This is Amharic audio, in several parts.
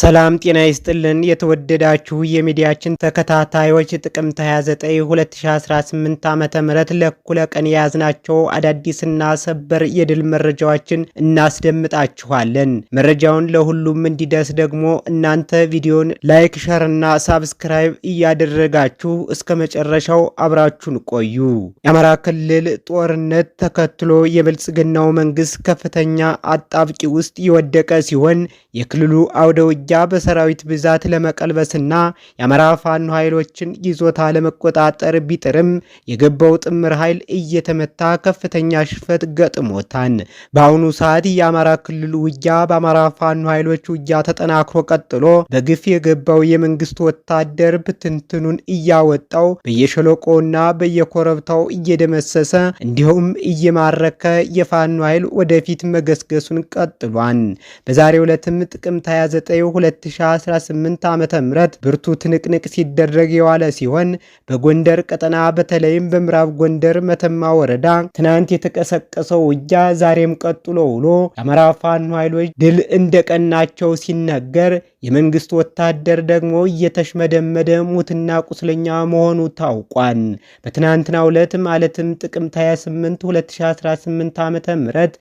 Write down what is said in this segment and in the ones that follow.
ሰላም ጤና ይስጥልን። የተወደዳችሁ የሚዲያችን ተከታታዮች ጥቅምት 29 2018 ዓ.ም ለእኩለ ቀን የያዝናቸው አዳዲስና ሰበር የድል መረጃዎችን እናስደምጣችኋለን። መረጃውን ለሁሉም እንዲደርስ ደግሞ እናንተ ቪዲዮን ላይክ፣ ሸርና ሳብስክራይብ እያደረጋችሁ እስከ መጨረሻው አብራችሁን ቆዩ። የአማራ ክልል ጦርነት ተከትሎ የብልጽግናው መንግስት ከፍተኛ አጣብቂ ውስጥ የወደቀ ሲሆን የክልሉ አውደው ውጊያ በሰራዊት ብዛት ለመቀልበስና የአማራ ፋኖ ኃይሎችን ይዞታ ለመቆጣጠር ቢጥርም የገባው ጥምር ኃይል እየተመታ ከፍተኛ ሽፈት ገጥሞታል። በአሁኑ ሰዓት የአማራ ክልል ውጊያ በአማራ ፋኖ ኃይሎች ውጊያ ተጠናክሮ ቀጥሎ በግፍ የገባው የመንግስት ወታደር ብትንትኑን እያወጣው በየሸለቆና በየኮረብታው እየደመሰሰ እንዲሁም እየማረከ የፋኖ ኃይል ወደፊት መገስገሱን ቀጥሏል። በዛሬው ዕለትም ጥቅምት 29 2018 ዓ ም ብርቱ ትንቅንቅ ሲደረግ የዋለ ሲሆን በጎንደር ቀጠና በተለይም በምዕራብ ጎንደር መተማ ወረዳ ትናንት የተቀሰቀሰው ውጊያ ዛሬም ቀጥሎ ውሎ የአማራ ፋኖ ኃይሎች ድል እንደቀናቸው ሲነገር የመንግስት ወታደር ደግሞ እየተሽመደመደ ሙትና ቁስለኛ መሆኑ ታውቋል። በትናንትናው ዕለት ማለትም ጥቅምት 28 2018 ዓ ም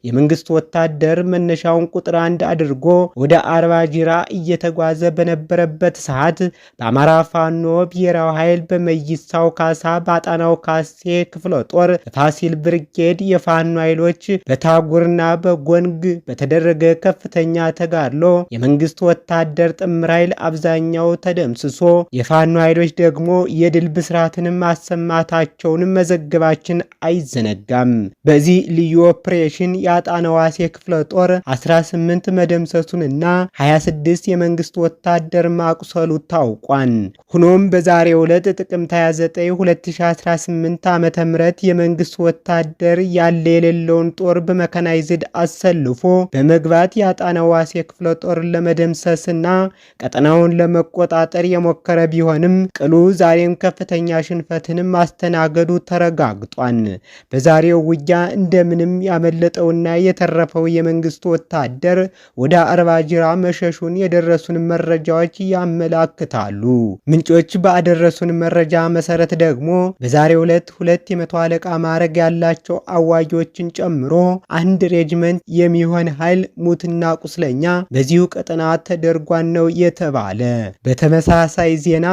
የመንግስት ወታደር መነሻውን ቁጥር አንድ አድርጎ ወደ አርባ ጅራ እየተጓዘ በነበረበት ሰዓት በአማራ ፋኖ ብሔራዊ ኃይል በመይሳው ካሳ በአጣናው ካሴ ክፍለ ጦር በፋሲል ብርጌድ የፋኖ ኃይሎች በታጉርና በጎንግ በተደረገ ከፍተኛ ተጋድሎ የመንግስት ወታደር ጥምር ኃይል አብዛኛው ተደምስሶ የፋኖ ኃይሎች ደግሞ የድል ብስራትንም ማሰማታቸውን መዘገባችን አይዘነጋም። በዚህ ልዩ ኦፕሬሽን የአጣናዋሴ ክፍለ ጦር 18 መደምሰሱንና 26 የመንግስት ወታደር ማቁሰሉ ታውቋል። ሆኖም በዛሬ ዕለት ጥቅምት 29 2018 ዓ ም የመንግስት ወታደር ያለ የሌለውን ጦር በመከናይዝድ አሰልፎ በመግባት የአጣና ዋሴ ክፍለ ጦር ለመደምሰስና ቀጠናውን ለመቆጣጠር የሞከረ ቢሆንም ቅሉ ዛሬም ከፍተኛ ሽንፈትንም ማስተናገዱ ተረጋግጧል። በዛሬው ውጊያ እንደምንም ያመለጠውና የተረፈው የመንግስት ወታደር ወደ አርባጅራ መሸሹን የደ የደረሱን መረጃዎች ያመላክታሉ። ምንጮች ባደረሱን መረጃ መሰረት ደግሞ በዛሬ ሁለት ሁለት የመቶ አለቃ ማዕረግ ያላቸው አዋጊዎችን ጨምሮ አንድ ሬጅመንት የሚሆን ኃይል ሙትና ቁስለኛ በዚሁ ቀጠና ተደርጓን ነው የተባለ። በተመሳሳይ ዜና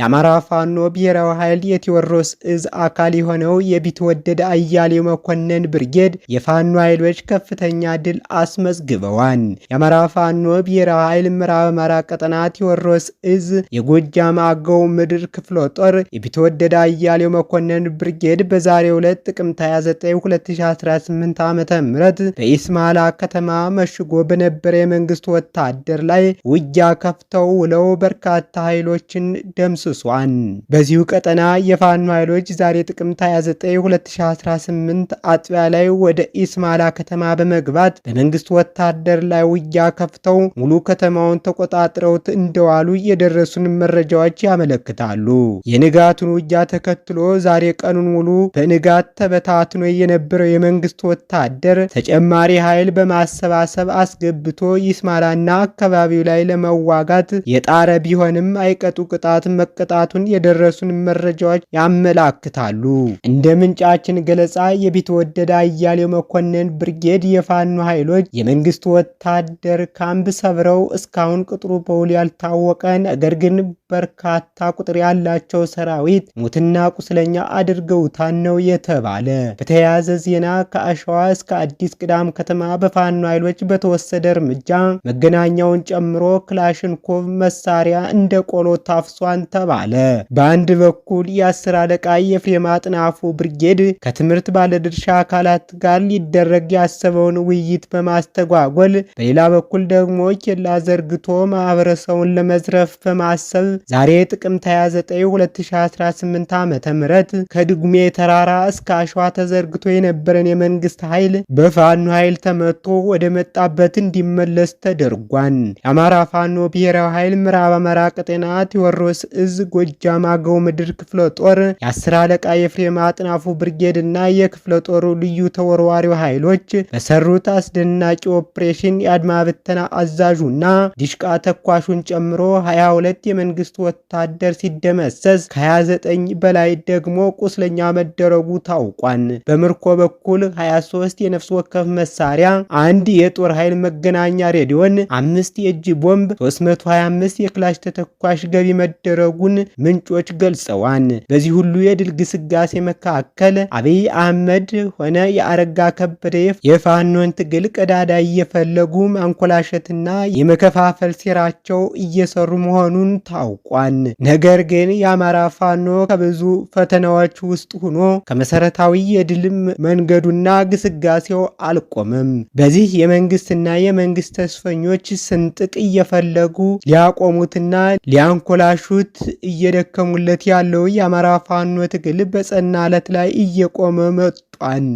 የአማራ ፋኖ ብሔራዊ ኃይል የቴዎድሮስ እዝ አካል የሆነው የቢትወደድ አያሌው መኮንን ብርጌድ የፋኖ ኃይሎች ከፍተኛ ድል አስመዝግበዋል። የአማራ ፋኖ ብሔራዊ ኃይል ምራ አማራ ቀጠና ቴዎድሮስ እዝ የጎጃም አገው ምድር ክፍለ ጦር የቢትወደድ አያሌው መኮንን ብርጌድ በዛሬው ዕለት ጥቅምት 29 2018 ዓ ም በኢስማላ ከተማ መሽጎ በነበረ የመንግስት ወታደር ላይ ውጊያ ከፍተው ውለው በርካታ ኃይሎችን ደምስሷል። በዚሁ ቀጠና የፋኑ ኃይሎች ዛሬ ጥቅምት 29 2018 አጥቢያ ላይ ወደ ኢስማላ ከተማ በመግባት በመንግስት ወታደር ላይ ውጊያ ከፍተው ሙሉ ከተማውን ተቆጣጥረውት እንደዋሉ የደረሱን መረጃዎች ያመለክታሉ። የንጋቱን ውጊያ ተከትሎ ዛሬ ቀኑን ሙሉ በንጋት ተበታትኖ የነበረው የመንግስት ወታደር ተጨማሪ ኃይል በማሰባሰብ አስገብቶ ይስማራና አካባቢው ላይ ለመዋጋት የጣረ ቢሆንም አይቀጡ ቅጣት መቀጣቱን የደረሱን መረጃዎች ያመላክታሉ። እንደ ምንጫችን ገለጻ የቢትወደድ አያሌው መኮንን ብርጌድ የፋኖ ኃይሎች የመንግስት ወታደር ካምፕ ሰብረው እስካ እስካሁን ቅጥሩ በውል ያልታወቀ ነገር ግን በርካታ ቁጥር ያላቸው ሰራዊት ሙትና ቁስለኛ አድርገውታል ነው የተባለ። በተያያዘ ዜና ከአሸዋ እስከ አዲስ ቅዳም ከተማ በፋኖ ኃይሎች በተወሰደ እርምጃ መገናኛውን ጨምሮ ክላሽንኮቭ መሳሪያ እንደ ቆሎ ታፍሷን ተባለ። በአንድ በኩል የአስር አለቃ የፍሬም አጥናፉ ብርጌድ ከትምህርት ባለድርሻ አካላት ጋር ሊደረግ ያሰበውን ውይይት በማስተጓጎል በሌላ በኩል ደግሞ ኬላ ዘርግ ዘርግቶ ማህበረሰቡን ለመዝረፍ በማሰብ ዛሬ ጥቅምት 29 2018 ዓ ም ከድጉሜ ተራራ እስከ አሸዋ ተዘርግቶ የነበረን የመንግስት ኃይል በፋኖ ኃይል ተመቶ ወደ መጣበት እንዲመለስ ተደርጓል። የአማራ ፋኖ ብሔራዊ ኃይል ምዕራብ አማራ ቀጤና ቴዎድሮስ እዝ ጎጃም አገው ምድር ክፍለ ጦር የአስር አለቃ የፍሬም አጥናፉ ብርጌድ እና የክፍለ ጦሩ ልዩ ተወርዋሪው ኃይሎች በሰሩት አስደናቂ ኦፕሬሽን የአድማ ብተና አዛዡና ዲሽቃ ተኳሹን ጨምሮ 22 የመንግስት ወታደር ሲደመሰስ ከ29 በላይ ደግሞ ቁስለኛ መደረጉ ታውቋል። በምርኮ በኩል 23 የነፍስ ወከፍ መሳሪያ፣ አንድ የጦር ኃይል መገናኛ ሬዲዮን፣ አምስት የእጅ ቦምብ፣ 325 የክላሽ ተተኳሽ ገቢ መደረጉን ምንጮች ገልጸዋል። በዚህ ሁሉ የድል ግስጋሴ መካከል አብይ አህመድ ሆነ የአረጋ ከበደ የፋኖን ትግል ቀዳዳ እየፈለጉ ማንኮላሸትና የመከፋፈ የማፈል ሴራቸው እየሰሩ መሆኑን ታውቋል። ነገር ግን የአማራ ፋኖ ከብዙ ፈተናዎች ውስጥ ሆኖ ከመሰረታዊ የድልም መንገዱና ግስጋሴው አልቆመም። በዚህ የመንግስትና የመንግስት ተስፈኞች ስንጥቅ እየፈለጉ ሊያቆሙትና ሊያንኮላሹት እየደከሙለት ያለው የአማራ ፋኖ ትግል በጸና አለት ላይ እየቆመ መጡ ተሰጧል።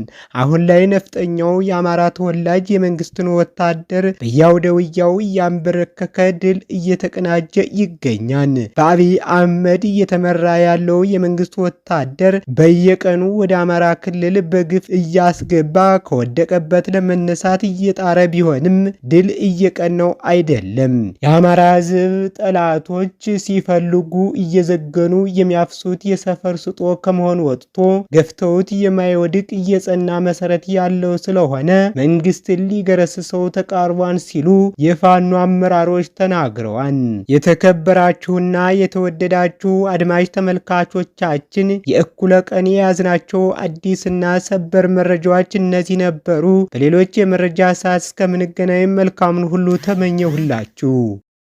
አሁን ላይ ነፍጠኛው የአማራ ተወላጅ የመንግስትን ወታደር በያውደ ውያው እያንበረከከ ድል እየተቀናጀ ይገኛል። በአብይ አህመድ እየተመራ ያለው የመንግስት ወታደር በየቀኑ ወደ አማራ ክልል በግፍ እያስገባ ከወደቀበት ለመነሳት እየጣረ ቢሆንም ድል እየቀነው አይደለም። የአማራ ህዝብ ጠላቶች ሲፈልጉ እየዘገኑ የሚያፍሱት የሰፈር ስጦ ከመሆን ወጥቶ ገፍተውት የማይወድቅ የጸና መሰረት ያለው ስለሆነ መንግስትን ሊገረስሰው ተቃርቧን ሲሉ የፋኖ አመራሮች ተናግረዋል። የተከበራችሁና የተወደዳችሁ አድማጭ ተመልካቾቻችን የእኩለ ቀን የያዝናቸው አዲስና ሰበር መረጃዎች እነዚህ ነበሩ። በሌሎች የመረጃ ሰዓት እስከምንገናኝ መልካምን ሁሉ ተመኘሁላችሁ።